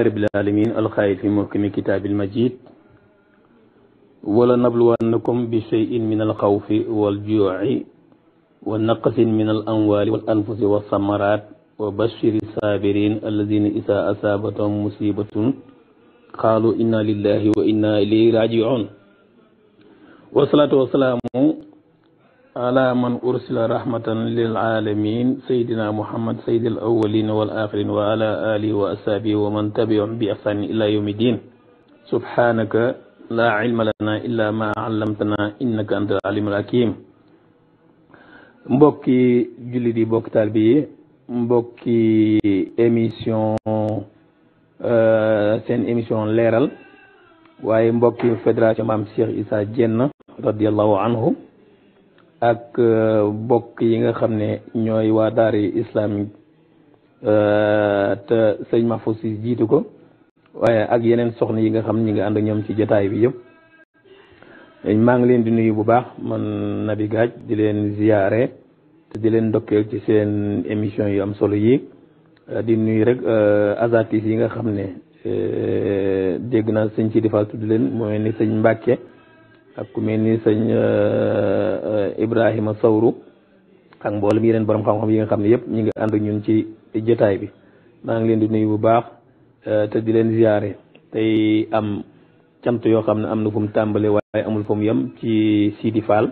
رب العالمين الخير في محكم كتاب المجيد ولنبلونكم بشيء من الخوف والجوع ونقص من الأموال والأنفس والثمرات وبشر الصابرين الذين إذا أصابتهم مصيبة قالوا إنا لله وإنا إليه راجعون والصلاة والسلام على من أرسل رحمة للعالمين سيدنا محمد سيد الأولين والآخرين وعلى آله وأصحابه ومن تبعهم بإحسان إلى يوم الدين سبحانك لا علم لنا إلا ما علمتنا إنك أنت العليم الحكيم مبوكي جلدي di mbokki talbi yi سين émission ليرال euh, émission leeral waaye mbokki الشيخ maam جنة رضي الله عنه ak euh, bokk yi nga xam ne ñooy waa daari islamique euh, te sëñ Mahfouz si jiitu ko waaye ak yeneen soxna yi nga xam ñi nga ànd ñoom ci jataay bi yëpp maa ngi leen di nuyu bu baax man Nabi Gaaj di leen ziyaare te di leen ndokkeel ci seen émission yu am solo yi euh, di nuyu rek asatis yi nga xam ne dégg naa sëñ ci defal tudd leen mooy ni sëñ Mbàkke ak ku mel ni sëñ euh, euh, Ibrahima Sawru ak yi leen borom xam-xam yi nga xam ne yëpp ñu ngi ànd ak ñun ci jotaay bi maa ngi leen di nuyu bu baax euh, te di leen ziare tey am cant yoo xam ne am na fu mu waaye amul fu mu yem ci Sidi Fall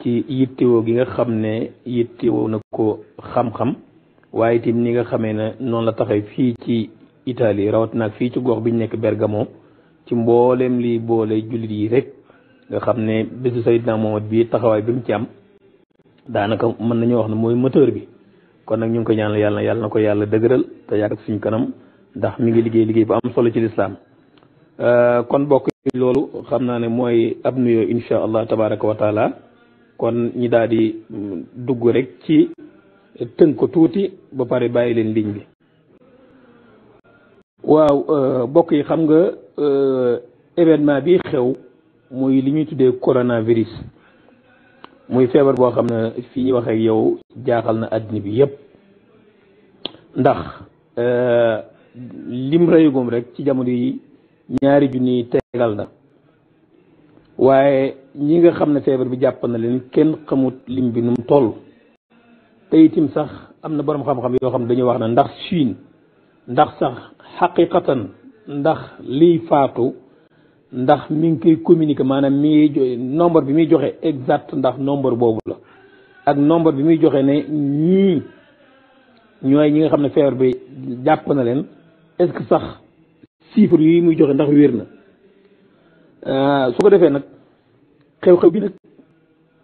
ci yittewoo gi nga xam ne yittewoo na ko xam-xam waaye tim ni nga xamee ne noonu la taxaw fii ci Italie rawat naag fii ci gox bi ñu nekk Bergamo ci mbooleem lii boole jullit yi rek nga xam ne bésu Seydina Mohamed bii taxawaay bi mu ci am daanaka mën nañu wax ne mooy moteur bi kon nag ñu ngi ko ñaanal yàlla yàlla na ko yàlla dëgëral te yàgg suñ kanam ndax mu ngi liggéey liggéey bu am solo ci lislaam euh, kon bokk loolu xam naa ne mooy ab nuyoo insha allah tabaraka wa kon ñi daal di dugg rek ci tënk ko tuuti ba pare bàyyi leen ligne bi waaw euh, bokk yi xam nga euh, événement bi xew muy li ñuy tuddee coronavirus muy feebar boo xam ne fii ñu wax ak yow jaaxal na àddina bi yépp ndax euh, lim rayugum rek ci jamono yi ñaari junni tegal na waaye ñi nga xam ne feebar bi jàppal na leen kenn xamut lim bi nu mu toll te itim sax am na boroom xam-xam yoo xam ne dañu wax na ndax Chine ndax sax xaqiqatan ndax liy faatu ndax mi ngi koy communiquer maanaam mi ngi nombre bi muy joxe exact ndax nombre boobu la ak nombre bi muy joxe ne ñii ñooy ñi nga xam ne feebar bi jàpp na leen est-ce que sax chiffre yi muy joxe ndax wér na euh, su ko defee nag xew-xew bi nag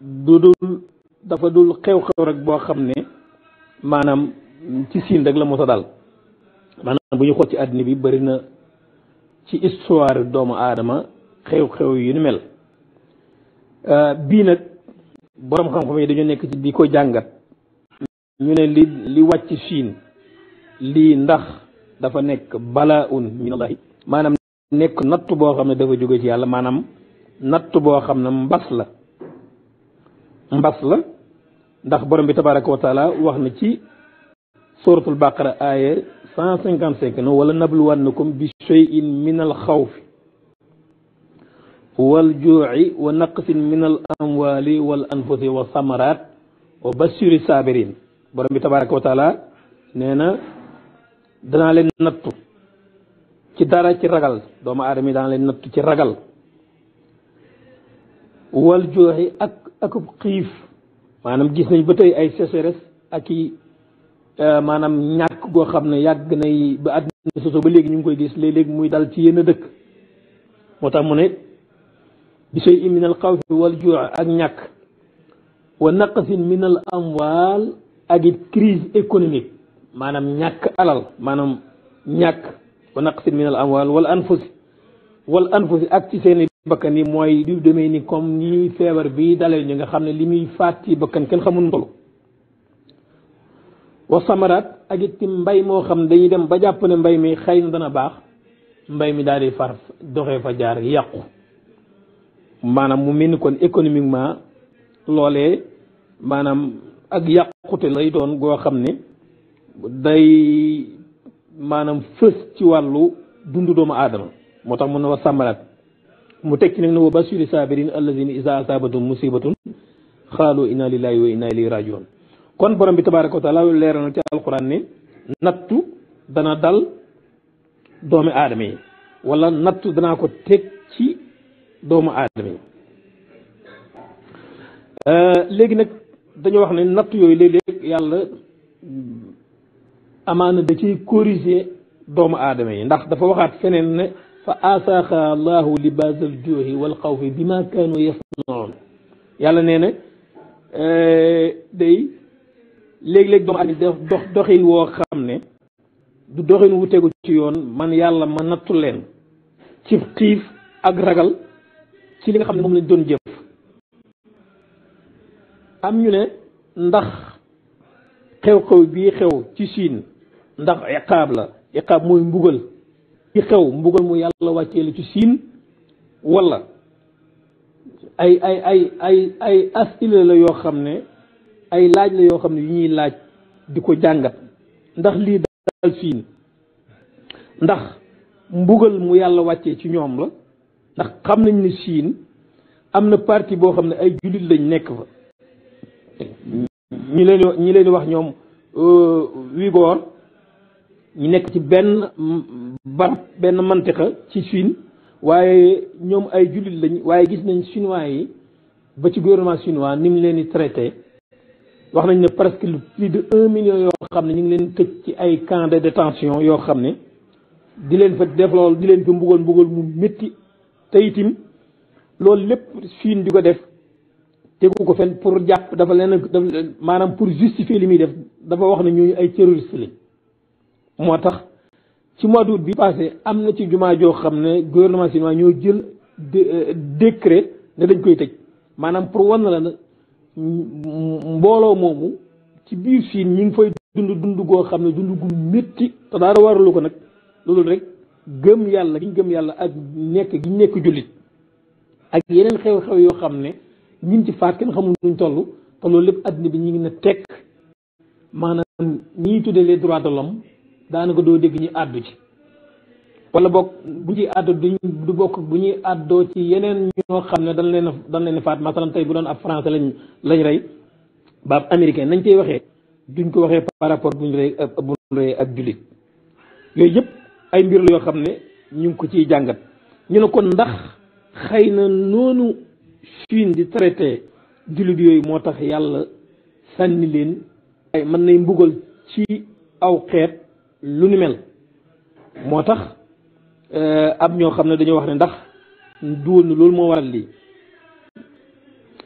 du dul dafa dul xew-xew rek boo xam ne maanaam ci siin rek la mos daal maanaam bu ñu xool ci àddina bi bëri ci histoire doomu aadama xew-xew yu ni mel euh, bii nag boroom xam-xam yi dañoo nekk ci di ko jàngat ñu ne li li wàcc Chine lii ndax dafa nekk balaa un min maanaam nekk nattu boo xam ne dafa jóge ci yàlla maanaam nattu boo xam ne mbas la mbas la ndax boroom bi tabaraka wa wax na ci suratul baqara aaya cent cinquante cinq na wala nabluwannakum bi cheyin min al xawfi wal juuci wa naqsin min al amwali wal anfusi wa samarat wa bashiri sabirin borom wa taala nee danaa leen nattu ci dara ci ragal doomu aadama yi danaa leen nattu ci ragal wal ak akub xiif maanaam gis nañ ba ay sécheresse ak Euh, maanaam ñàkk goo xam ne yàgg nay ba àddina soso ba léegi ñu ngi koy gis léeg-léeg muy dal ci yenn dëkk moo tax mu ne bi shay min al xawfi wal juu ak ñàkk wa naqsin minal am amwaal ak it crise économique maanaam ñàkk alal maanaam ñàkk wa naqsin min al amwaal wal anfus wal anfus ak ci seeni bakkan yi mooy du demee ni comme ni feebar bi dalee ñu nga xam ne li muy faat ci bakkan kenn xamul tolu wa samaraat ak it mbay moo xam dañuy dem ba jàpp mbay mi xëy na dana baax mbay mi daal di far doxee fa jaar yàqu maanaam mu mel ni kon économiquement loolee maanaam ak yàqute lay doon goo xam ne day maanaam fës ci wàllu dundu doomu aadama moo tax mun na wa samaraat mu teg ci nag ne wa bashiri saabirin allazina isa asaabatum musibatun xaalu inna lillahi wa inna ilayhi rajiun kon borom bi tabaaraka wa taala leeral na ci alquran ni nattu dana dal doomi aadama yi wala nattu danaa ko teg ci doomu aadama yi euh, léegi nag dañu wax ne nattu yooyu léeg-léeg yàlla amaana da ciy corriger doomu aadama yi ndax dafa waxaat feneen ne fa asaaxa allahu libaasal joohi wal xawfi bi ma kaanu yasnaun yàlla nee na euh, day léeg-léeg doomu aadama def dox doxin woo xam ne du doxin wu tegu ci yoon man yàlla ma nattu leen ci xiif ak ragal ci li nga xam ne moom lañ doon jëf am ñu ne ndax xew-xew bii xew ci Siin ndax iqaab la iqaab muy mbugal ci xew mbugal mu yàlla wàccee la ci Siin wala ay ay ay ay ay la yoo xam ne ay laaj la yoo xam ne yu ñuy laaj di ko jàngat ndax lii daal fii ndax mbugal mu yàlla wàccee ci ñoom la ndax xam nañ ne Chine am na parti boo xam ne ay jullit lañ nekk fa ñi leen ñi leen wax ñoom euh, Uyghur ñu nekk ci benn barab benn mantiqa ci Chine waaye ñoom ay jullit lañ waaye gis nañ chinois yi ba ci gouvernement chinois ni mu leen di traité wax nañ ne presque lu plus de un million yoo xam ne ñu ngi leen tëj ci ay camp de détention yoo xam ne di leen fa def loolu di leen fa mbugal mbugal mu métti te itim loolu lépp Chine di ko def tegu ko fen pour jàpp dafa leen daf maanaam pour justifier li muy def dafa wax ne ñooñu ay terroriste lañ moo tax ci mois d'août bi passé am na ci jumaa joo xam ne gouvernement chinois ñoo jël euh, décret ne dañ koy tëj maanaam pour wan la mbooloo moomu ci biir fii ñi ngi fay dund dund goo xam ne dund gu métti te dara waralu ko nag loolu rek gëm yàlla gi gëm yàlla ak nekk gi nekk jullit ak yeneen xew-xew yoo xam ne ñin ci faat kenn xamul nuñ toll te loolu lépp àddina bi ñu ngi ne tekk maanaam ñiy tuddee les droits de l'homme daanaka doo dégg ñu àddu ci wala bokk bu ñuy àddu du du bokk bu ñuy àddoo ci yeneen ñoo xam ne dañ leen dañ leen faat masalan tey bu doon ab français lañ lañ rey ba ab américain nañ koy waxee duñ ko waxee par rapport bu buñ rey buñ rey ak jullit yooyu yëpp ay mbir la yoo xam ne ñu ngi ko ciy jàngat ñu ne kon ndax xëy na noonu Chine di traité jullit yooyu moo tax yàlla sànni leen ay mën nay mbugal ci aw xeet lu ni mel moo tax Euh, ab ñoo xam ne dañoo wax ne ndax duwoon na loolu moo waral lii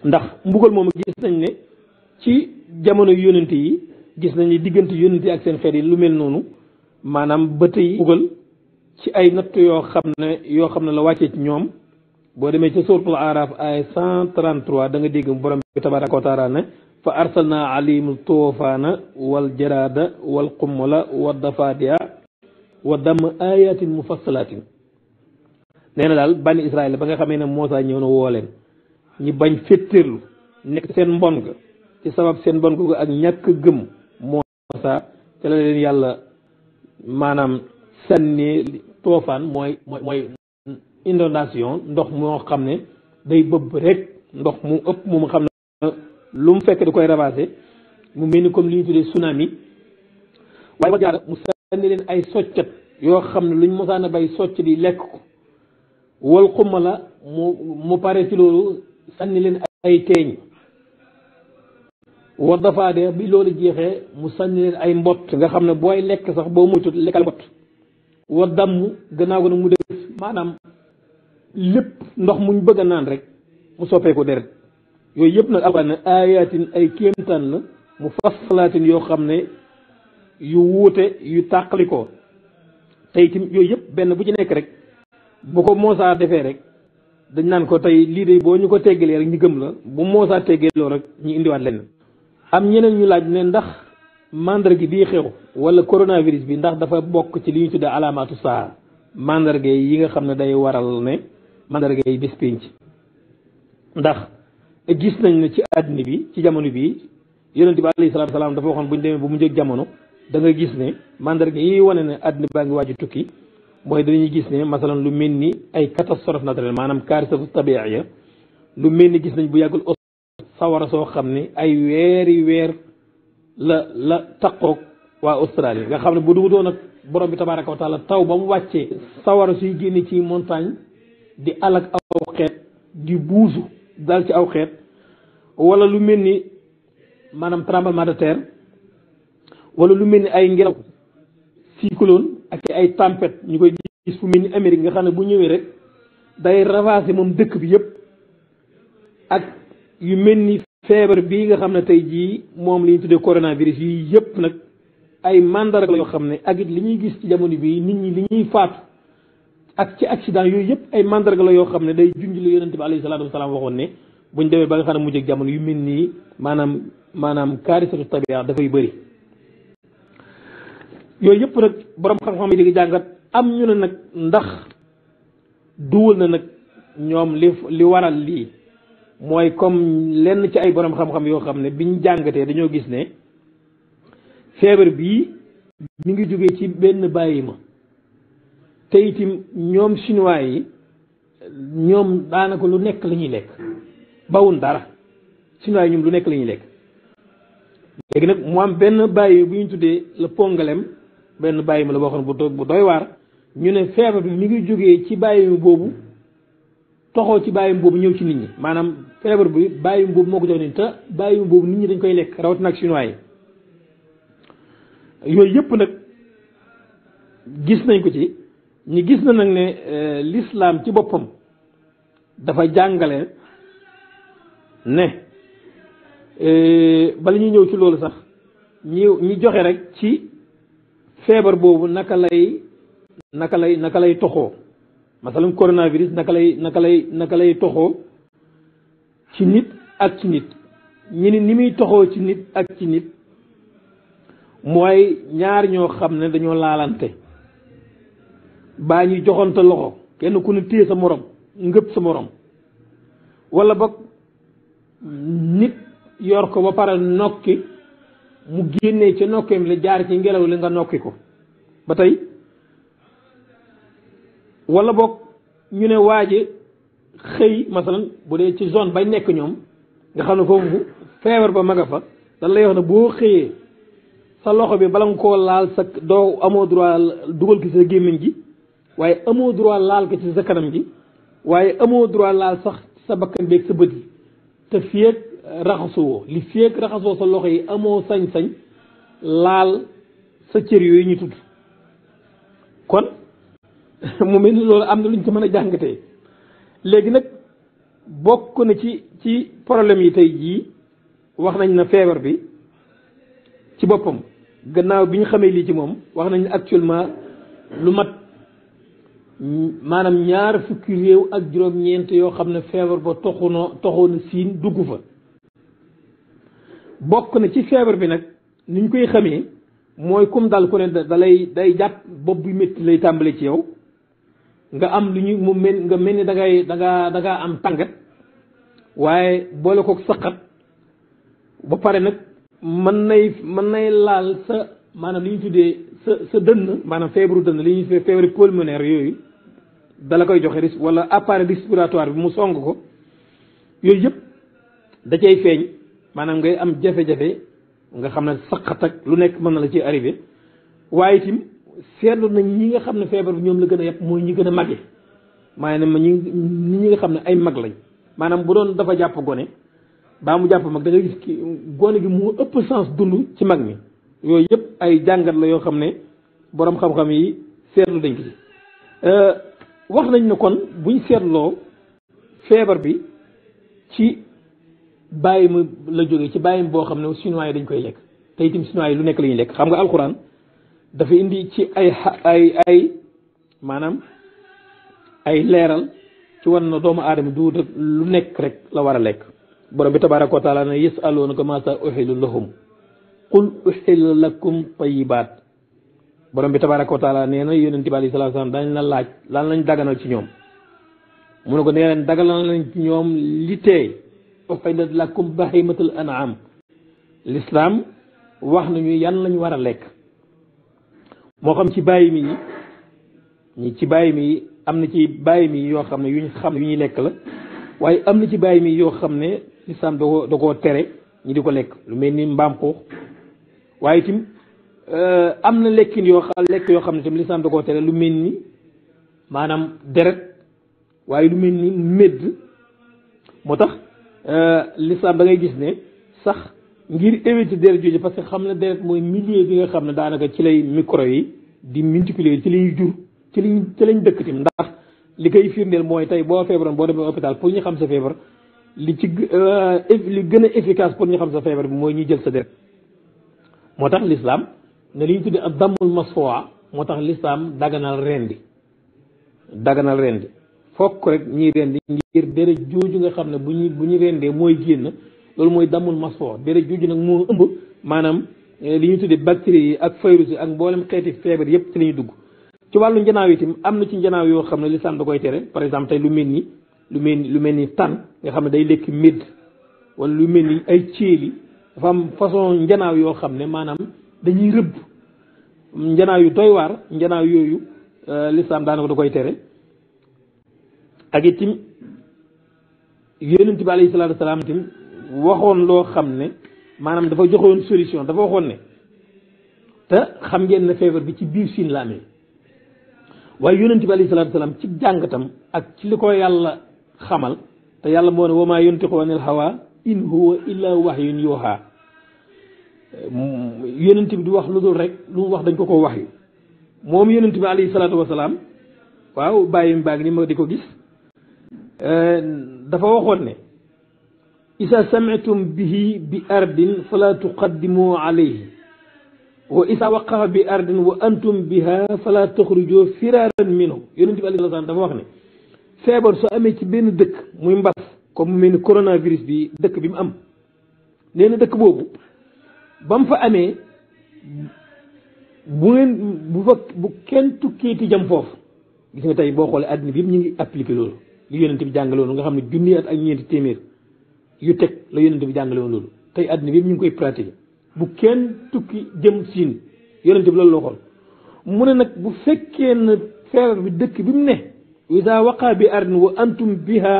ndax mbugal moom gis nañ ne ci jamono yonent yi gis nañ ne diggante yonent yi ak seen xeet yi lu mel noonu maanaam ba tey mbugal ci ay natt yoo xam ne yoo xam ne la wàccee ci ñoom boo demee ca suuratul Aaraaf ay 133 da nga dégg borom bi tabaaraka wa taala ne fa arsalna alayhim toofaana wal jaraada wal qummala wad dafaadiya wa damm ayatin mufassalatin nee na daal bani Israël ba nga xamee ne Moussa ñëw na woo leen ñi bañ féttéerlu nekk seen mbon ga ci sabab seen mbon ga ak ñàkk gëm Moussa ca la leen yàlla maanaam sànni toofaan mooy mooy mooy ndox moo xam ne day bëbb rek ndox mu ëpp mu xam ne lu mu fekk di koy ravager mu mel ni comme li ñu tsunami waaye wa jaara mu andi leen ay soccat yoo xam ne luñ mosaan a bay socc bi lekk ko wal xuma la mu mu pare ci loolu sànni leen ay teeñ war dafaade bi loolu jeexee mu sànni leen ay mbott nga xam ne booy lekk sax boo moytut lekkal mbott war damm gannaaw ko mu def maanaam lépp ndox muñ bëgg a naan rek mu ko deret yooyu yëpp nag alxuraan ne ayatin ay kéemtaan la mu fasalaatin yoo xam ne yu wuute yu ko tey tim yooyu yëpp benn bu ci nekk rek bu ko moosa defee rek dañ naan ko tey lii de boo ñu ko teggalee rek ñu gëm la bu moosaa teggee loolu rek ñu indiwaat leen am ñeneen ñu laaj ne ndax mandarga bii xew wala coronavirus bi ndax dafa bokk ci li ñu tuddee alaamaatu saa mandarga yi nga xam ne day waral ne mandarga yi bis pénc ndax gis nañ ne ci àddina bi ci jamono bii yonent bi alayhi salaatu salaam dafa waxoon bu ñu demee bu mu jóg jamono da gis ne mandarga yi wane ne àddina baa ngi waaj a tukki mooy dañuy gis ne masalan lu mel ni ay catastrophe naturelle maanaam kaarisatu tabiiya lu mel ni gis nañ bu yàggul sawara soo xam ne ay weeri weer la la taqoog waa Australie nga xam ne bu dugutoon ak borom bi tabaaraka wa taala taw ba mu wàccee sawara suy génne ci montagne di alak aw xeet di buusu dal ci aw xeet wala lu mel ni maanaam tremblement de wala lu mel ni ay ngelaw cyclone ak ay tempête ñu koy gis fu mel ni Amérique nga xam ne bu ñëwee rek day ravager moom dëkk bi yëpp ak yu mel ni feebar bii nga xam ne jii moom li ñu tuddee coronavirus yi yëpp nag ay mandarga yoo xam ne ak it li ñuy gis ci jamono bii nit ñi li ñuy faatu ak ci accident yooyu yëpp ay mandarga la yoo xam ne day junj la yonent bi alayhi salaatu wasalaam waxoon ne buñ demee ba nga xam ne mujj ak jamono yu mel nii maanaam maanaam kaarisatu tabia dafay bari yooyu yëpp nag borom xam-xam yi di jàngat am ñu ne nag ndax duwul na nag ñoom li li waral lii mooy comme lenn ci ay boroom xam-xam yoo xam ne biñ jàngatee dañoo gis ne feebar bii mu ngi jógee ci benn bàyyi ma te itam ñoom chinois yi ñoom daanaka lu nekk la ñuy lekk bawun dara chinois yi ñoom lu nekk la lekk léegi nag mu am benn bàyyi bu ñu tuddee la pongalem benn bàyyi ma la boo xam ne bu bu doy waar ñu ne feebar bi mi ngi jógee ci bàyyi boobu toxoo ci bàyyi boobu ñëw ci nit ñi maanaam feebar bi bàyyi boobu moo ko jox nit bàyyi boobu nit ñi dañ koy lekk rawatina nag chinois yooyu yëpp nag gis nañ ko ci ñu gis na nag ne euh, lislaam ci boppam dafa jàngale ne euh, bala ñuy ñëw ci loolu sax ñi ñi joxe rek ci feebar boobu naka lay naka lay naka lay toxoo masalan coronavirus naka lay naka lay naka lay toxoo ci nit ak ci nit ñu ni muy toxoo ci nit ak ci nit mooy ñaar ñoo xam ne dañoo laalante baa ñuy joxante loxo kenn ku ne téye sa morom ngëpp sa morom wala boog nit yor ko ba pare nokki mu génnee ca nokkeem li jaar ci ngelaw li nga nokki ko ba tey wala boog ñu ne waaje xëy masalan bu dee ci zone bay nekk ñoom nga xam ne foofu bu feebar ba maga fa dan lay boo xëyee sa loxo bi bala nga koo laal sa doo amoo droit dugal ko ci sa gémmiñ gi waaye amoo droit laal ko ci sa kanam gi waaye amoo droit laal sax sa bakkan beeg sa bët yi te fii raxasuwoo li feek raxasuwoo sa loxo yi amoo sañ-sañ laal sa cër yooyu ñu tudd kon mu mel ni loolu am na lu ñu ko mën a jàngatee léegi nag bokk na ci ci problème yi tey jii wax nañ na feebar bi ci boppam gannaaw bi ñu xamee lii ci moom wax nañ actuellement lu mat maanaam ñaari fukki réew ak juróom-ñeent yoo xam ne feebar ba toxu na toxu na siin dugg fa bokk na ci feebar bi nag ni ñu koy xamee mooy comme dal ku ne da lay day jàpp bopp bu métti lay tàmbali ci yow nga am lu ñu mu mel nga mel ni da ngay da ngaa am tàngat waaye boole ko saqat ba pare nag mën nay mën nay laal sa maanaam lu ñu tuddee sa sa dënn maanaam feebaru dënn li ñuy tuddee feebaru pulmonaire yooyu dala koy joxe risque wala appareil respiratoire bi mu song ko yooyu yëpp da cay feeñ maanaam ngay am jafe-jafe nga xam ne saqat ak lu nekk mën na la ci arrivé waaye itam seetlu nañ ñi nga xam ne feebar bi ñoom la gën a yàpp mooy ñi gën a màggee maanaam ñi ñi nga xam ne ay mag lañ maanaam bu doon dafa jàpp gone baa mu jàpp mag da gis ki gone gi mu ëpp sens dund ci mag mi yooyu yëpp ay jàngat la yoo xam ne boroom xam-xam yi seetlu dañ ko ci euh, wax nañ ne kon buñ seetloo feebar bi ci bàyyi mu la jógee ci bàyyi boo xam ne chinois yi dañ koy lekk te itam chinois yi lu nekk la ñuy lekk xam nga alxuraan dafa indi ci ay ay ay maanaam ay leeral ci wan na doomu aadama du lu nekk rek la war a lekk borom bi tabaaraka wa taala ne yasaluunaka maa sa uxilu lahum qul uxila lakum tayibaat borom bi tabaaraka wa taala nee na yonent bi alayhi salaatu salaam dañ la laaj lan lañ daganal ci ñoom mu ne ko nee leen daganal nañ ci ñoom li teey uhillat lakum bahimatul an'am l'islam wax nañu yan lañu war a lekk moo xam ci bàyyi mi yi ci bàyyi mi yi am na ci bàyyi mi yoo xam ne yu ñu yu ñuy lekk la waaye am na ci bàyyi mi yoo xam ne lislaam da ko da koo tere ñi di ko lekk lu mel ni mbaam xuux waaye itam euh, am na lekkin yoo xam lekk yoo xam ne tam lislaam da koo tere lu mel ni maanaam deret waaye lu mel ni médd moo tax Euh, l'islam da ngay gis ne sax ngir éviter deret jooju parce que xam ne deret mooy milieu bi nga xam ne daanaka ci lay micro yi di multiplier ci lañuy jur ci lañ ci lañ dëkk tim ndax li koy firndeel mooy tey boo feebaroon boo demee hôpital pour ñu xam sa feebar li ci euh, li gën a efficace pour ñu xam sa feebar bi mooy ñu jël sa deret moo tax l'islam ne li ñu tuddee ak dammul masfoa moo tax l'islam daganal rendi daganal rendi fokk rek ñuy rendi ngir deret jooju nga xam ne bu ñu bu ñu rendee mooy génn loolu mooy damul masfo deret jooju nag moo ëmb maanaam eh, li ñu tuddee bactéries yi ak virus yi ak mboolem xeeti feebar yépp ci la ñuy dugg ci wàllu njanaaw itam am na ci njanaaw yoo xam ne lislaam da koy tere par exemple tey lu mel ni lu mel ni lu mel ni tan nga xam ne day lekk médd wala lu mel ni ay céeli dafa am façon njanaaw yoo xam ne maanaam dañuy rëbb njanaaw yu doy waar njanaaw yooyu eh, lislaam daanaka da koy tere ak itim yonent bi alayhi salaatu waxoon loo xam ne maanaam dafa joxoon solution dafa waxoon ne te xam ngeen ne feebar bi ci biir siin la amee waaye yonent bi alayhi salaatu wasalaam ci jàngatam ak ci li ko yàlla xamal te yàlla moo ne wa maa yantiqu anil hawa in huwa illa wahyun yuuhaa yonent bi di wax lu dul rek lu mu wax dañ ko ko wax yu moom yonent bi alayhi salaatu waaw bàyyi mu baag ni ma di ko gis dafa waxoon ne isa samitum bihi bi ardin fala tuqaddimu alayhi wa isa waqafa bi ardin wa antum biha fala taxrujo firaran minhu yonente bi alayhi salaam dafa wax ne feebar soo amee ci benn dëkk muy mbas comme mu mel ni coronavirus bi dëkk bi mu am nee na dëkk boobu ba mu fa amee bu ngeen bu fa bu kenn tukkeeti jam foofu gis nga tey boo xoolee àddina bi yëpp ñu ngi appliqué loolu li yonent bi jàngale woon nga xam ne junni ak ñeenti téeméer yu teg la yonent bi jàngale woon loolu tey àddina bi ñu ngi koy pratiquer bu kenn tukki jëm siin yonent bi loolu la waxoon mu ne nag bu fekkee na feebar bi dëkk bi mu ne isa waqa bi ardin wa antum biha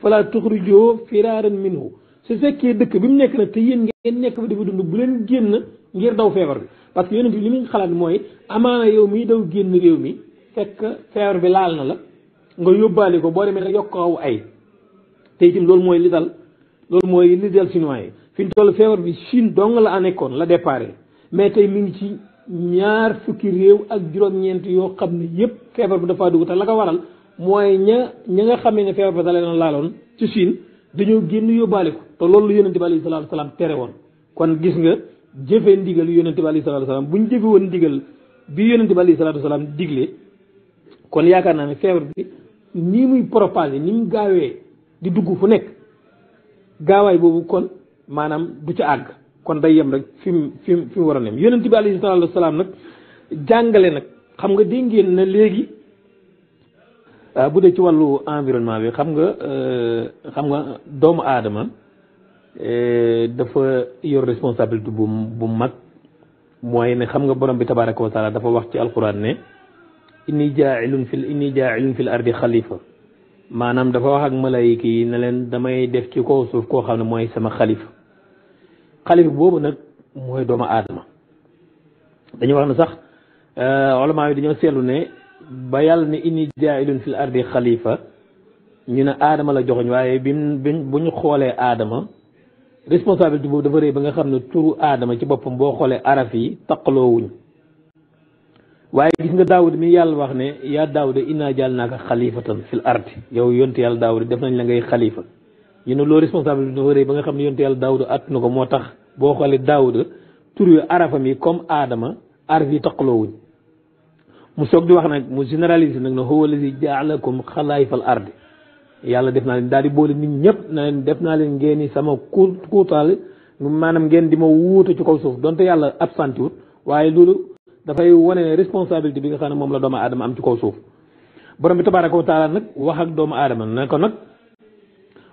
fala tuxrijoo firaaran minhu su fekkee dëkk bi mu nekk nag te yéen ngeen nekk fa dafa dund bu leen génn ngir daw feebar bi parce que yonent bi li muy xalaat mooy amaana yow mii daw génn réew mi fekk feebar bi laal na la nga yóbbaale ko boo demee rek yokk ko aw ay te itam loolu mooy li dal loolu mooy li dal chinois yi fi ñu toll feebar bi Chine dong la a nekkoon la départ mais tey mi ngi ci ñaar fukki réew ak juróom-ñeent yoo xam ne yëpp feebar bi dafa dugg te la ko waral mooy ña ña nga xamee ne feebar ba dalee na laaloon ci Chine dañoo génn yóbbaale ko te loolu la yonente bi alayhi salaatu salaam tere woon kon gis nga jëfee ndigal yonente bi alayhi salaatu salaam bu ñu jëfe woon ndigal bi yonente bi alayhi salaatu salaam digle kon yaakaar naa ne feebar bi ni muy propager ni mu gaawee di dugg fu nekk gaawaay boobu kon maanaam du ca àgg kon day yem rek fi mu fi mu fi mu war a nem yonent bi alayhi salaatu salaam nag jàngale nag xam nga dégg ngeen na léegi ah, bu dee ci wàllu environnement bi xam nga euh, xam nga doomu aadama euh, dafa yor responsabilité bu bu mag mooy ne xam nga borom bi tabaaraka wa taala dafa wax ci alxuraan ne inni jaailun fi inni jaailun fil ardi xalifa maanaam dafa wax ak malayka yi ne leen damay def ci kaw suuf koo xam ne mooy sama xalifa xalifa boobu nag mooy doomu aadama dañu wax ne sax olamaa euh, yi dañoo seetlu ne ba yàlla ne inni jaailun fil ardi xalifa ñu ne aadama la joxoñ waaye bi bu ñu xoolee aadama responsabilité boobu dafa rëy ba nga xam ne turu aadama ci boppam boo xoolee araf yi taqaloowuñ waaye gis nga daawud mi yàlla wax ne yaa daawuda inna jaal naaka xalifatan fil ardi yow yonte yàlla daawuda def nañ la ngay xalifa ñu ne loolu responsable bi dafa rëy ba nga xam ne yonte yàlla daawuda at na ko moo tax boo xoolee daawuda tur wi arafam yi comme aadama araf yi taqaloowuñ mu soog di wax nag mu généraliser nag ne huwa allazi jaalakum xalaayifal ardi yàlla def naa leen daal di boole nit ñëpp na leen def naa leen ngeen sama ku kuutaale maanaam ngeen di ma wuute ci kaw suuf donte yàlla absenté dafay wane responsabilité bi nga xam ne moom la doomu aadama am ci kaw suuf borom bi tabaaraka wa taala nag wax ak doomu aadama ne ko nag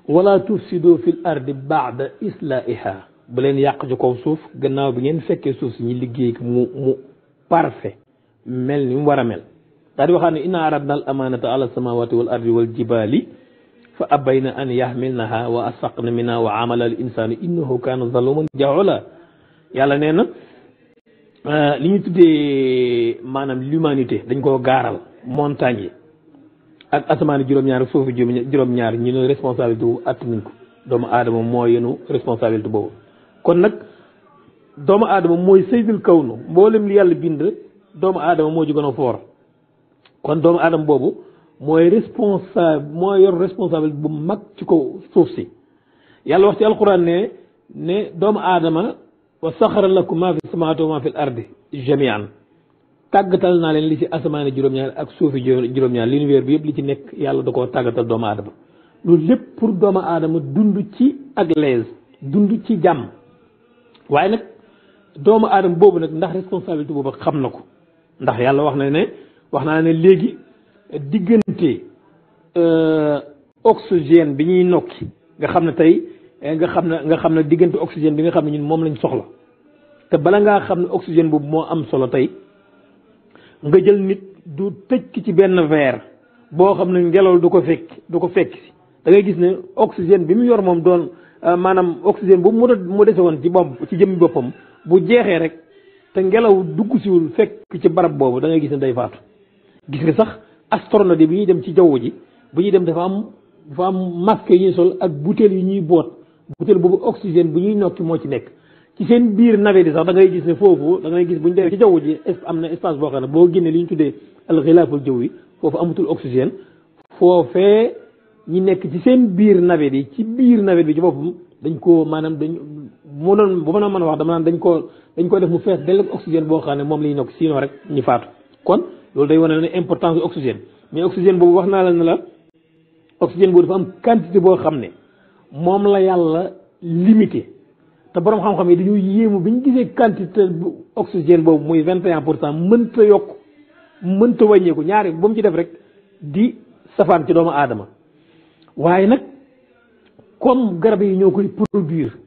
wala tufsidu fil ardi baada islaiha bu leen yàq ci kaw suuf gannaaw bi ngeen fekkee suuf si ñu liggéey mu mu parfait mel ni mu war a mel daal di waxaat ne inna aradna al amanata ala samawati wal ardi wal jibali fa na an yahmilnaha wa asfaqna minha wa amala al insanu innahu kana zaluman jahula yàlla nee na Euh, li ñu tuddee maanaam l'humanité dañ koo gaaral montagne yi ak asamaan juróom-ñaar suufu juróom-ñaar ñu ne responsabilité wu at nañ ko doomu aadama moo yenu kon nag doomu aadama mooy saydul kaw nu mboolem li yàlla bind doomu aadama moo ci gën a foor kon doomu aadama boobu mooy responsable moo yor responsabilité bu mag ci kaw suuf si yàlla wax ci alxuraan ne ne doomu aadama وسخر لكم ما في السماوات وما في الارض جميعا تاغتالنا لين لي سي اسمان جيروم نيار اك سوفي جيروم نيار لين وير لي سي نيك يالا داكو تاغتال دوما ادم لو ليب بور دوما ادم دوندو سي اك ليز دوندو سي جام واي نك دوما ادم بوبو نك ناخ ريسبونسابيلتي بوبو خام نكو يالا واخنا ني واخنا ني ليغي ديغنتي ا اوكسجين بي ني نوكي nga xamne tay Eh, nga xam ne nga xam ne diggante oxygène bi nga xam ne ñun moom lañ soxla te bala ngaa xam ne oxygène boobu moo am solo tey nga jël nit du tëj ki ci benn verre boo xam ne ngelaw du ko fekk du ko fekk da ngay gis ne oxygène bi mu yor moom doon eh, maanaam oxygène boobu mu mu dese woon ci bopp ci jëmmi boppam bu jeexee rek te ngelaw dugg siwul fekk ci barab boobu dangay ngay gis ne day faatu gis nga sax astronaute bi ñuy dem ci jaww ji bu ñuy dem dafa am dafa am masque yi ñuy sol ak butéel yi ñuy boot butéel boobu oxygène bu ñuy nokki mo ci nek ci seen biir navé yi sax da ngay gis ne fofu da ngay gis bu dé ci jawu ji am na espace bo xam bo boo liñ tuddé al tuddee alxilaaful jaww yi foofu oxygène fofé ñi nek ci seen biir navé yi ci biir navé bi ci bopum dañ ko manam dañ mo doon bu ma a mën wax dama naan dañ ko dañ koo def mu fess dell ak oxygène bo xam mom moom la sino rek ñu faatu kon loolu day wone ne importance oxygène mais oxygène boobu wax na la la oxygène boobu dafa am quantité bo xam moom la yàlla limité te boroom xam-xam yi dañuy yéemu bi ñu gisee quantité bu oxygène boobu muy vingt et un pour cent mënta yokk mënta wàññeeku ñaari ba mu ci def rek di safaan ci doomu aadama waaye nag comme garab yi ñoo koy biir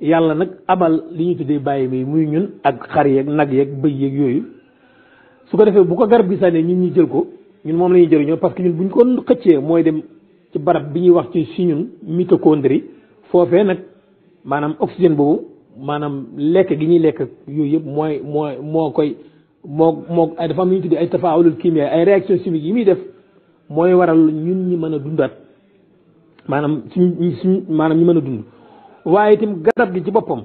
yàlla nag abal li ñu tuddee bàyyi mi muy ñun ak xar yeeg nag yeeg bëy yeeg yooyu su ko defee bu ko garab gi sànnee ñun ñu jël ko ñun moom la ñuy jëriñoo ñun bu ñu ko xëccee mooy dem ci barab bi ñuy wax ci si ñun mito mitochondrie foofee nag maanaam oxygène boobu maanaam lekk gi ñuy lekk yooyu yëpp mooy mooy moo koy moo moo ay dafa am lu ñu tuddee ay tafaawulul kimia ay réaction chimique yi muy def mooy waral ñun ñi mën a dundaat maanaam suñ suñ maanaam ñu mën a dund waaye itam garab gi ci boppam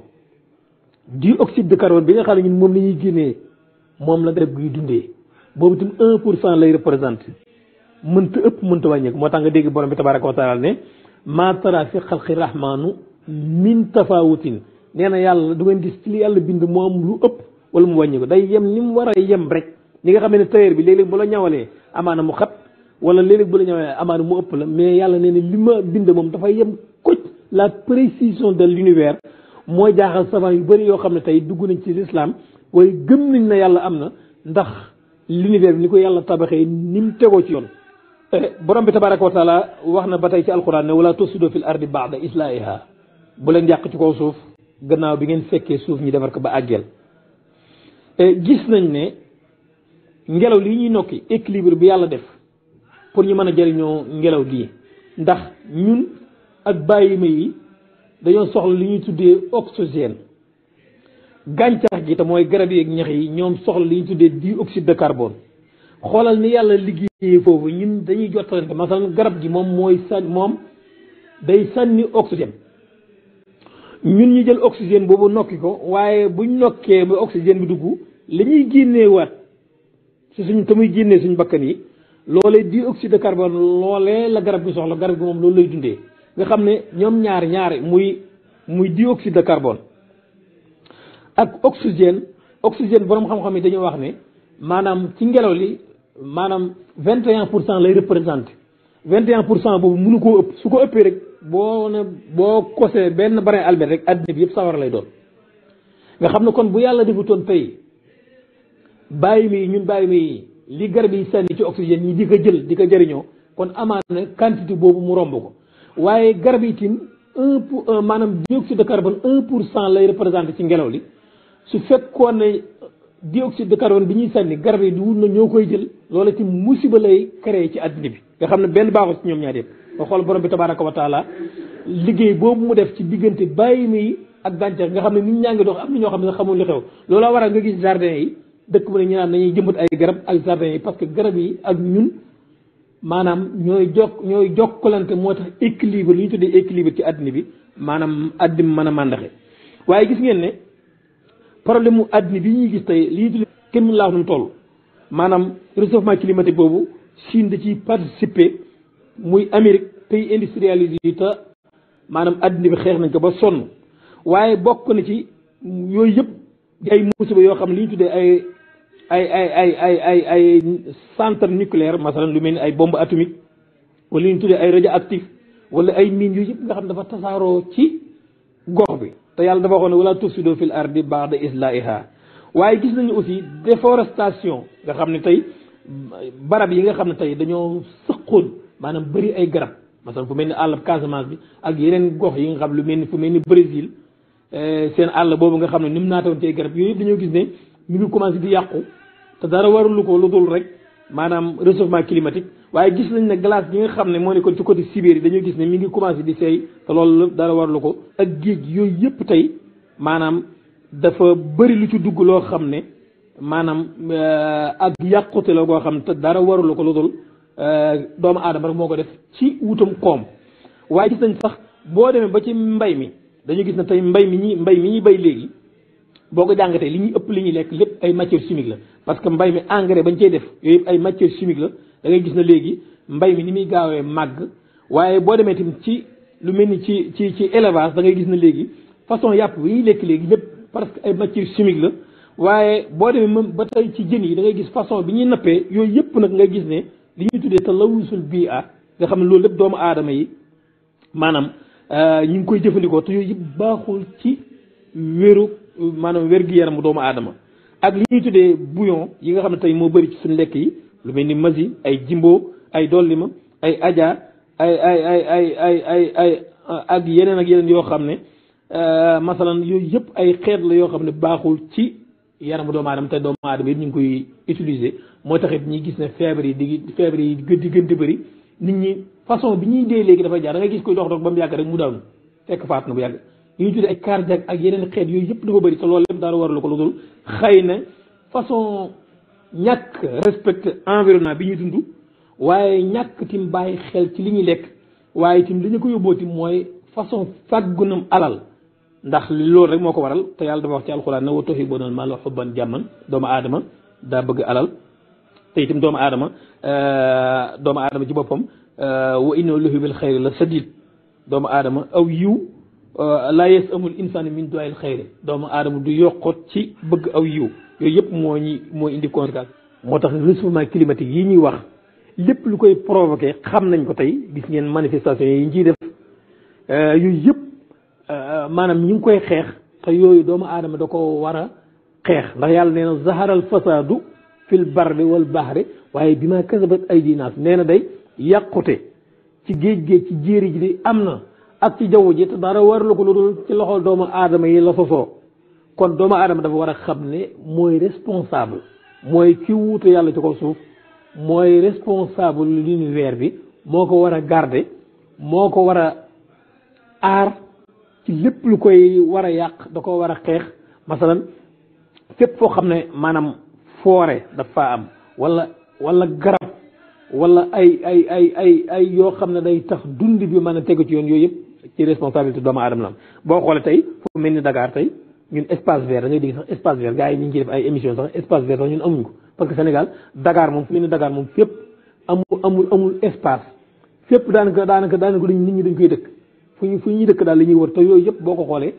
dioxyde de carbone bi nga xam ne ñun moom la ñuy génnee moom la garab gi dundee boobu itam un pour cent lay représenté mënta ëpp mënta wàññeeku moo tax nga dégg borom bi tabaraka wa taala ne maa tara fi xalqi rahmaanu min tafawutin nee na yàlla du ngeen gis ci li yàlla bind mu am lu ëpp wala mu wàññeeku day yem ni mu war a yem rek ni nga xam ne tailleur bi léeg-léeg bu la ñawalee amaana mu xat wala léeg-léeg bu la ñawalee amaana mu ëpp la mais yàlla nee na li ma bind moom dafay yem koj la précision de l'univers mooy jaaxal savant yu bëri yoo xam ne tey dugg nañ ci l'islam waaye gëm nañ na yàlla am na ndax l'univers bi ni ko yàlla tabaxee ni mu tegoo ci yoon borom bi tabaraka wa wax na ba tey ci alquran ne wala tufsidu fil ardi baada islaahiha bu leen yàq ci kaw suuf gannaaw bi ngeen fekkee suuf ñi defar ko ba àggeel e, gis nañ ne ngelaw lii ñuy nokki équilibre bi yàlla def pour ñu mën a jëriñoo ngelaw lii ndax ñun ak bàyyima yi dañoo soxla li ñuy tuddee oxygène gàncax gi te mooy garab yi ak ñax yi ñoom soxla li ñuy tuddee dioxyde de carbon xoolal ni yàlla liggéeyee foofu ñun dañuy jottalante masalan garab gi moom mooy sànni moom day sànni oxygène ñun ñu jël oxygène boobu nokki ko waaye buñ nokkee ba oxygène bi dugg li ñuy génnee waat si suñ te muy génnee suñ bakkan yi loolee dioxyde de carbone loolee la garab gi soxla garab gi moom loolu lay dundee nga xam ne ñoom ñaari ñaari muy muy dioxyde de carbon ak oxygène oxygène boroom xam-xam yi dañoo wax ni maanaam ci ngelaw li maanaam vingt et un pour cent lay représenté vingt et un pour cent boobu mënu koo ëpp ko ëppee rek boo ne boo kosee benn brin Albert rek addina bi yëpp sawar lay doon nga xam ne kon bu yàlla defutoon tey bàyyi mi ñun bàyyi mi li garab yi sànni ci oxygène yi di ko jël di ko jëriñoo kon amaana quantité boobu mu romb ko waaye garab yi itam un euh, maanaam dioxyde de carbone un pour cent lay représenté ci ngelaw li su fekkoon di dioxyde de carbone bi ñuy sànni garab yi du wut na ñoo koy jël loola ci musiba lay créé ci àddina bi nga xam ne benn baaxul ci ñoom ñaar yëpp nga xool borom bi tabaraka wa taala liggéey boobu mu def ci diggante bàyyi mi ak gàncax nga xam ne nit ñaa ngi dox am na ñoo xam ne xamul li xew looloo waral nga gis jardin yi dëkk mu ne ñu naan nañuy jëmbat ay garab ak jardin yi parce que garab yi ak ñun maanaam ñooy jokk ñooy jokkalante moo tax équilibre li ñu tuddee équilibre ci àddina bi maanaam àddina mën a màndaxe problème adni bi ñi gis tay li di kenn mënu laa wax toll manam réchauffement climatique bobu Chine da ci participer muy Amérique pays industrialisé ta manam adni bi xex nañ ko ba son waye bokku na ci yoy yëpp day ay musiba yoo xam li tuddé ay ay ay ay ay ay ay centre nucléaire masalan lu mel ay bombe atomique wala li tuddé ay radioactif wala ay mine yooyu yëpp nga xam dafa tasaro ci gox bi te yàlla dafa waxoon ne wala tufsidu fil ardi ba'da islaahiha waaye gis nañu aussi déforestation nga xam ne tey barab yi nga xam ne tey dañoo sëqoon maanaam bëri ay garab masalan fu mel ni àll Casamance bi ak yeneen gox yi nga xam lu mel ni fu mel ni Brésil seen àll boobu nga xam ne ni mu naatoon ci ay garab yooyu yëpp dañoo gis ne ñu ngi commencé di yàqu te dara warul ko lu dul rek maanaam réchauffement climatique waaye gis nañ ne glace gi nga xam ne moo nekkoon ci côté Sibérie dañoo gis ne mi ngi commencé di seey te loolu dara warlu ko ak géej yooyu yëpp tey maanaam dafa bëri lu ci dugg loo xam ne maanaam euh, ak yàqute la koo xam te dara warlu ko lu dul euh, doomu aadama rek moo ko def ci wutum koom waaye gis nañ sax boo demee ba ci mbay mi dañu gis ne tey mbay mi ñi mbay mi ñuy bay léegi boo ko jàngatee li ñu ëpp li ñu lekk lépp ay matière chimique la parce que mbay mi engrais bañ cey def yooyu ay matière chimique la da gis na léegi mbay mi ni muy gaawee màgg waaye boo demee tamit ci lu mel ni ci ci ci élevage da ngay gis na léegi façon yàpp bi ñuy lekk léegi lépp que ay matière chimique la waaye boo demee moom ba tey ci jën yi da ngay gis façon bi ñuy nappee yooyu yëpp nag nga gis ne li ñuy tuddee talawusul bii a nga xam ne loolu lépp doomu aadama yi maanaam euh, ñu ngi koy jëfandikoo te yooyu yëpp baaxul ci wéru maanaam wér-gu-yaramu doomu aadama ak li ñuy tuddee bouillon yi nga xam ne moo bëri ci suñu yi lu mel ni masi ay jimbo ay dollima ay aja ay ay ay ay ay ay ay ak yeneen ak yeneen yoo xam ne euh, masalan yooyu yëpp ay xeet la yoo xam ne baaxul ci yaramu doomu aadama te doomu aadama yi ñu ngi koy utiliser moo taxit ñuy gis ne feebar yi di feebar yi di gën di bëri nit ñi façon bi ñuy dee léegi dafay jaar da ngay gis koy dox dox ba mu yàgg rek mu daanu fekk faat na bu yàgg yu ñu tuddee ay cardiaque ak yeneen xeet yooyu yëpp dafa bëri te loolu lépp daal warlu ko lu dul xëy na façon ñàkk respecte environnement bi ñu dund waaye ñak tim bàyyi xel ci li ñuy lekk waaye tim li ñu ko yóbbooti mooy façon fàggunam alal ndax loolu rek moo ko waral te yàlla dafa wax ci alxuraan ne wa tuhibbuunal maala hubban jamman doomu aadama daa bëgg alal te itam doomu aadama doomu aadama ci boppam wa innahu li hubbil xayri la sadid doomu aadama aw yiw laa yes amul insaan min duwaayil xayri doomu aadama du yokkoot ci bëgg aw yiw yooyu yëpp moo ñi moo indi conséquence moo tax réchauffement climatique yi ñuy wax lépp lu koy provoqué xam nañ ko tey gis ngeen manifestation yi ñu def yooyu yëpp maanaam ñu ngi koy xeex te yooyu doomu aadama da ko war a xeex ndax yàlla nee na zaharal fasaadu fil barri wal bahri waaye bi ma kasabat aydi naas nee na day yàqute ci géej géej ci jéeri ji di am na ak ci jaww ji te dara warlu ko lu dul ci loxol doomu aadama yi la sosoo kon doomu adam dafa wara xamne moy responsable moy ki wuté yàlla ci ko suuf moy responsable l'univers bi moo ko war a garder moko wara ar ci lépp lu koy wara yak dako wara xex masalan fépp fo xamne manam foré dafa am wala wala garab wala ay ay ay ay ay yo xamne day tax dund bi mën a ci yoon yoyep ci responsabilité doomu adam la bo xolé tay fu melni Dakar tay ñun espace vert da ngay dégg sax espace vert yi ñu ngi ciy def émission sax espace vert sax ñun amuñ ko parce que Sénégal Dakar moom fu mu ne Dakar moom fépp amul amul amul fépp daanaka daanaka daanaka nit ñi dañ koy dëkk fu ñu fu ñu dëkk daal la ñuy wër te yooyu yëpp boo ko xoolee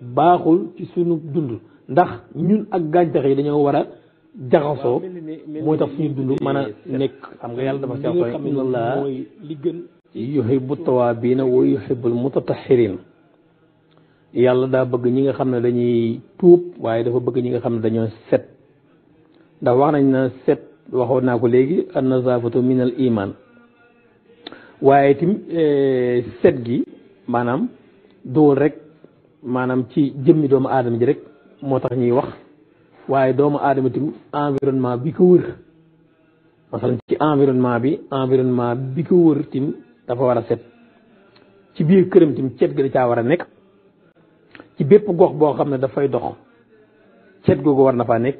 baaxul ci suñu dund ndax ñun ak gàncax yi dañoo war a jaxasoo mooy tax suñu dund mën a nekk xam nga yàlla dafa ci wax inna allah yuhibbu tawaabiina wa yuhibbul mutatahhirin yàlla daa bëgg ñi nga xam ne dañuy tuub waaye dafa bëgg ñi nga xam ne dañoo set ndax wax nañ na set waxoon naa ko léegi an nazaafatu min al iman waaye tim eh, set gi maanaam duwul rek maanaam ci jëmmi doomu aadama ji rek moo tax ñuy wax waaye doomu aadama tim environnement bi ko wër masalan ci environnement bi environnement bi ko wër tim dafa war a set ci biir këram tim cet gi da caa war a nekk ci bép gox bo xamné da fay dox ciet gogo war na fa nek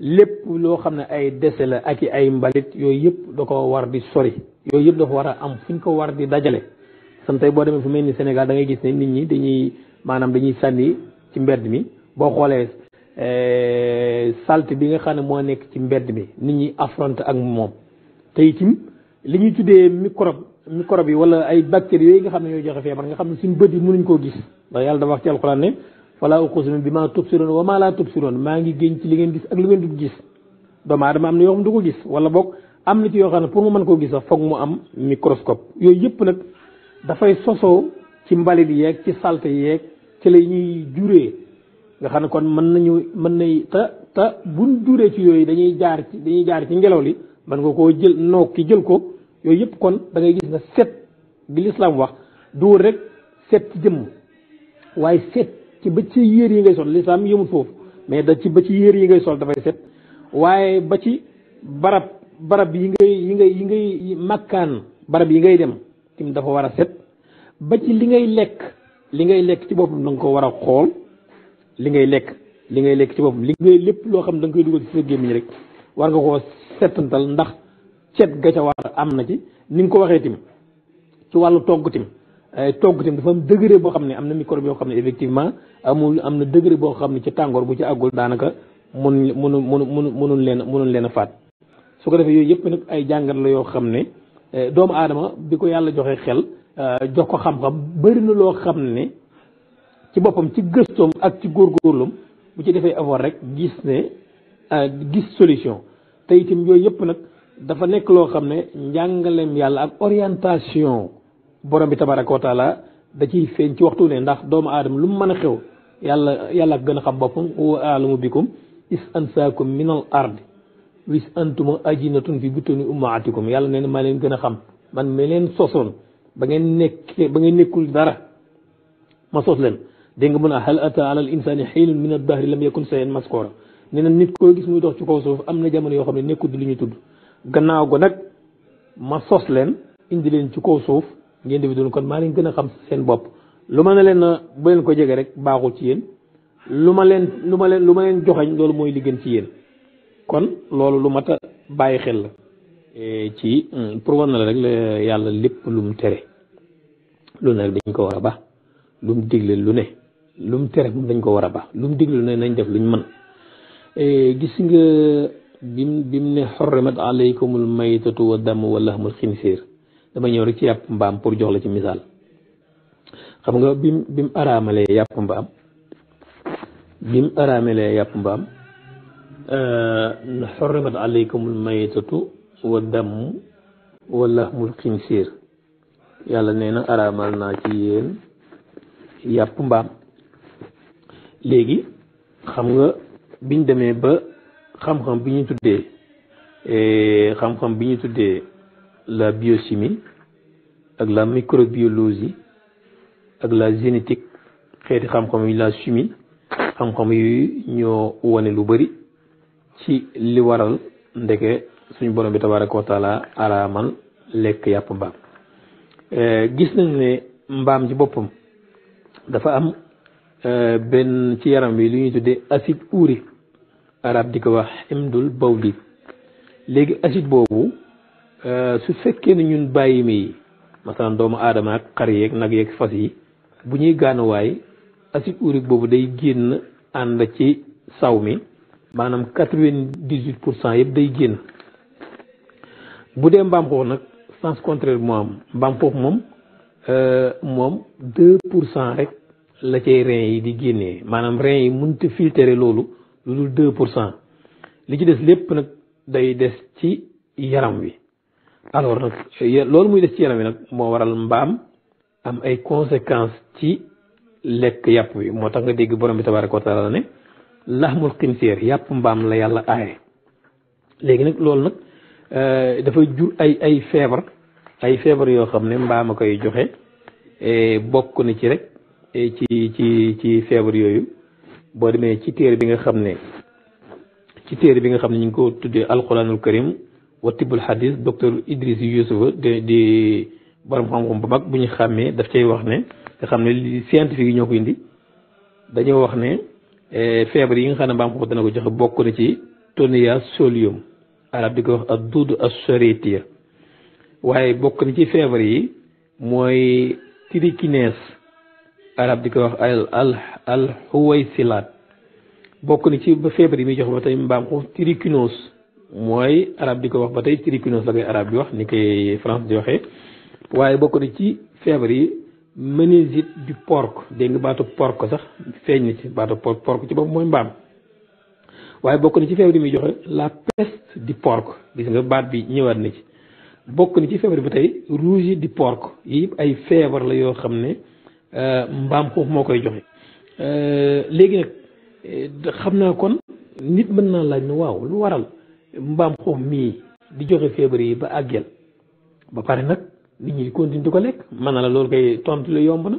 lépp lo xamné ay déssé la ak ay mbalit yoy yëpp da ko war di sori yoy am fuñ ko war di dajale san tey boo demee fu melni Sénégal da ngay gis né nit ñi dañuy manam dañuy sanni ci mbéd mi xolé euh salt bi nga xamné mo nek ci mbéd mi nit ñi affronté ak mom tay tim li ñuy microbe microbe wala ay bactéries yi nga xamné ne joxé joxe nga xamné suñu bëdd mënuñ ko gis ndax yàlla dafa wax ci alxuraan ne falaa uqsimu bimaa tubsiruun wa maa laa tubsiruun maa ngi génn ci li ngeen gis ak lu ngeen du gis doomu aadama am na yoo xam du ko gis wala boog am na ci yoo xam ne pour mu man koo gis sax foog mu am microscope yooyu yëpp nag dafay sosoo ci mbalit yeeg ci salte yeeg ci la ñuy juree nga xam ne kon mën nañu mën nañ te te buñ juree ci yooyu dañuy jaar ci dañuy jaar ci ngelaw li mën nga koo jël noog ki jël ko yooyu yëpp kon da ngay gis na set bi wax du rek set ci waaye set ci ba ci yéer yi ngay sol lislaam yëmut foofu mais da ci ba ci yéer yi ngay sol dafay set waaye ba ci barab barab yi ngay yi ngay yi ngay makkaan barab yi ngay dem tim dafa war a set ba ci li ngay lekk li ngay lekk ci boppam da ko war a xool li ngay lekk li ngay lekk ci boppam li lépp loo xam da koy dugal ci sa gémmiñ rek war nga koo settantal ndax cet ga ca am na ci ni nga ko waxee tim ci wàllu togg tim Euh, togg tamit dafa am degré boo xam ne am na microbe yoo xam ne effectivement amul am na degré boo xam ne ci tàngoor bu ci àggul daanaka mun munu munu munu munul leen mënul leen a faat su ko defee yooyu yëpp nag ay jàngat la yoo xam ne euh, doomu aadama bi ko yàlla joxe xel euh, jox ko xam bëri na loo xam ne ci boppam ci gëstoom ak ci góorgóorlum bu ci defee effort rek gis ne gis solution te yooyu yëpp nag dafa nekk loo xam ne njàngaleem yàlla ak orientation borom bi tabaraka wa taala da ciy feeñ ci waxtu ne ndax doomu aadama lu mu mën a xew yàlla yàlla gën a xam boppam huwa aalamu bikum is ansaakum min al ard wis antuma ajinatun fi butuni ummaatikum yàlla nee na maa leen gën a xam man ma leen sosoon ba ngeen nekk ba ngeen nekkul dara ma sos leen dégg nga mën a hal ata ala al insani xiilun min ad dahri lam yakun sayan maskora nee nit koo gis muy dox ci kaw suuf am na jamono yoo xam ne nekkul di lu ñu tudd gannaaw go nag ma sos leen indi leen ci kaw ngeen di dund kon maa leen gën a xam seen bopp lu ma ne leen na leen ko jege rek baaxul ci yéen lu ma leen lu ma leen lu ma leen joxeñ loolu mooy li gën ci yéen kon loolu lu mat a bàyyi xel la e, ci mm, pour war na la rek la yàlla lépp lu mu tere lu ne rek ko war a baax lu mu lu ne lu mu tere moom dañ ko war a baax lu mu digle lu ne nañ def luñ mën e, gis nga bim bim ne xorrimat alaykumul maytatu wa damu wa lahmul xinsiir dama ñëw rek ci yàpp mbaam pour jox la ci misaal xam nga bim bim araamalee yàpp mbaam bim araamalee yàpp mbaam xurrimat alaykumul maytatu wa damm wa lahmul xinsiir yàlla nee na araamal naa ci yéen yàpp mbaam léegi xam nga biñ demee ba xam-xam bi ñu tuddee xam-xam bi ñu tuddee la biochimie ak la microbiologie ak la génétique xeeti xam-xam yi la chimie xam-xam yu ñoo wone lu bari ci li waral ndeke suñu borom bi tabaaraka wa taala araamal lekk yàpp mbaam eh, gis nañ ne mbaam ci boppam dafa am eh, benn ci yaram wi lu ñuy tuddee acide urique arab di ko wax himdul bawli léegi acide boobu Euh, su fekkee ne bàyyi mi masalan doomu aadama ak xar yeeg nag yeeg fas yi bu ñuy gaanuwaay acide urique boobu day génn ànd ci saw mi maanaam quatre vingt dix pour cent yëpp day génn bu dee mbaam xoox nag sens contraire moom am mbaam xoox moom euh, moom deux pour cent rek la ci reins yi di génnee maanaam reins yi mënut filtrer loolu lu dul deux pour cent li ci des lépp nag day des ci yaram wi alors nag loolu muy def ci yaram wi nag moo waral mbaam am ay conséquence ci lekk yàpp wi moo tax nga dégg borom bi tabaaraka wa taala ne laxmul xinsiir yàpp mbaam la yàlla aaye léegi nag loolu nag euh, dafay jur ay ay feebar ay feebar yoo xam ne mbaam a koy joxe e, bokk na ci rek e, ci ci ci feebar yooyu boo demee ci téere bi nga xam ne ci téere bi nga xam ne ñu ngi ko tuddee alquranul karim wa tibbul xadis docteur Idriss Youssouf di di borom xam-xam bu mag bu ñu xàmmee daf cay wax ne nga xam ne li scientifique yi ñoo ko indi dañoo wax ne eh, feebar yi nga xam ne mbaam xuux dana ko joxe bokk na ci tonia solium arab di ko wax ak duudu ak soretia bokk na ci feebar yi mooy trichines arab di ko wax al al al xuwaysilaat bokk na ci ba feebar yi muy jox ba tey mbaam xuux trichinose mooy arab di ko wax ba tey trichinose la koy arab di wax ni koy France di waxee waaye bokk na ci feebar yi méningite du porc dégg nga baatu ko sax feeñ na ci baatu porc ci bopp mooy mbaam waaye ci yi muy joxe la peste du porc gis nga baat bi ñëwaat na ci bokk na ci feebar ba tey rouge du porc yi ay feebar la yoo xam ne euh, mbaam xuux moo koy joxe euh, léegi nag euh, xam naa kon nit mën naa laaj ne waaw lu waral mbaam xuux mii di joxe feebar yi ba àggel ba pare nag nit ñuy continue di ko lekk man na la loolu kay tontu la yomb na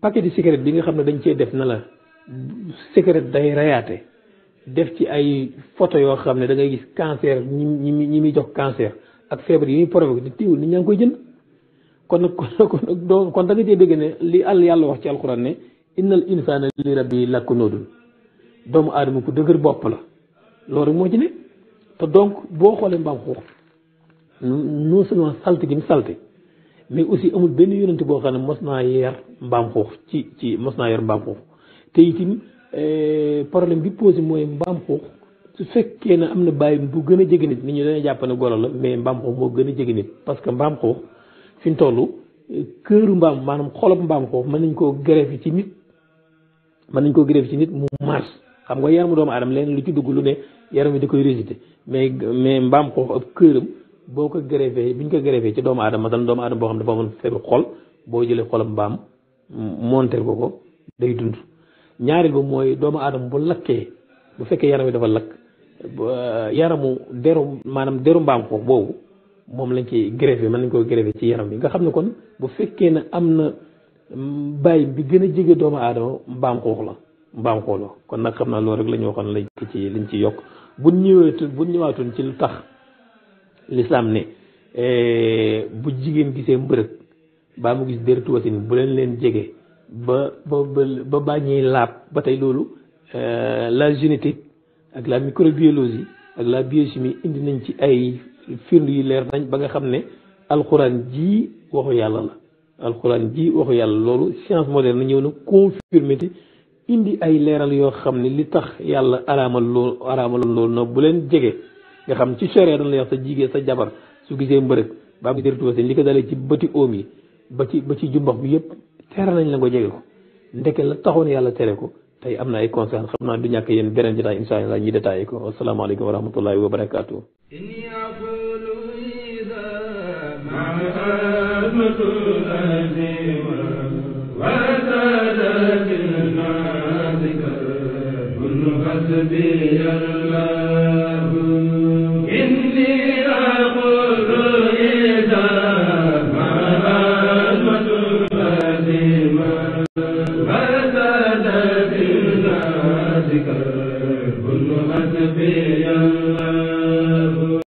paquet de cigarette bi nga xam ne dañ cee def na la cigarette day rayaate def ci ay photo yoo xam ne da ngay gis cancer ñi ñi ñi muy jox cancer ak feebar yi muy provoqué di nit ñaa koy jënd kon nag kon doo kon da nga cee ne li àll yàlla wax ci alxuraan ne innal insaana li rabbi lakunuudun doomu aadama ku dëgër bopp la loolu moo ci ne te donc boo xoolee mbaam xuux non seulement salte gi mu salte mais aussi amul benn yonent boo xam ne mos naa yeer mbaam xuux ci ci mos naa yeer mbaam xuux te itam eh, problème bi posé mooy mbaam xuux su fekkee ne am na bàyyi bu gën a jege nit nit ñu dañuy jàpp golo la mais mbaam moo gën a jege nit parce que mbaam xuux fi ñu toll këru mbaam maanaam xolob mbaam xuux mën nañ koo greffe ci nit mën nañ koo greffe ci nit mu mars xam nga yaramu doomu aadama leen lu ci dugg lu ne yaram bi di koy résister mais mais mbaam xoox ab këram boo ko greffé bi ñu ko greffé ci doomu aadama masalan doomu aadama boo xam ne dafa amoon feebar boo jëlee xolam mbaam monter ko ko day dund ñaareel ba doomu aadama bu lakkee bu fekkee yaram bi dafa lakk euh, yaramu deru maanaam deru mbaam xoox boobu moom lañ ci greffé mën nañ ko greffé ci yaram bi nga xam ne kon bu fekkee ne am na mm, bàyyi bi gën a doomu aadama mbaam la mbaam xoox la kon nag xam naa loolu rek la ñu waxoon lay ci liñ ci yokk bu ñëwee bu ñëwaatoon ci lu tax lislaam ne eh, bu jigéen gisee mbërëg baa mu gis dértu wasin bu leen leen jege ba ba ba bàññee laab ba tey loolu eh, la génétique ak la microbiologie ak la biochimie indi nañ ci ay firnde yu leer nañ ba nga xam ne alxuraan ji waxu yàlla la alxuraan ji waxu yàlla loolu science moderne ñëw na confirmé indi ay leeral yoo xam ne li tax yàlla araamal loolu araamaloon loolu nag bu leen jege nga xam ci sariya dañ lay wax sa jigéen sa jabar su gisee mbërëg ba am gisee tuuti li ko dalee ci bëti oom yi ba ci ba ci jumbax bi yëpp nañ la nga jege ko ndeke la yàlla tere ko tey am na ay conseils xam naa du ñàkk yéen beneen jotaay incha allah ñi détaillé ko asalaamaaleykum wa rahmatullahi wa barakaatu. be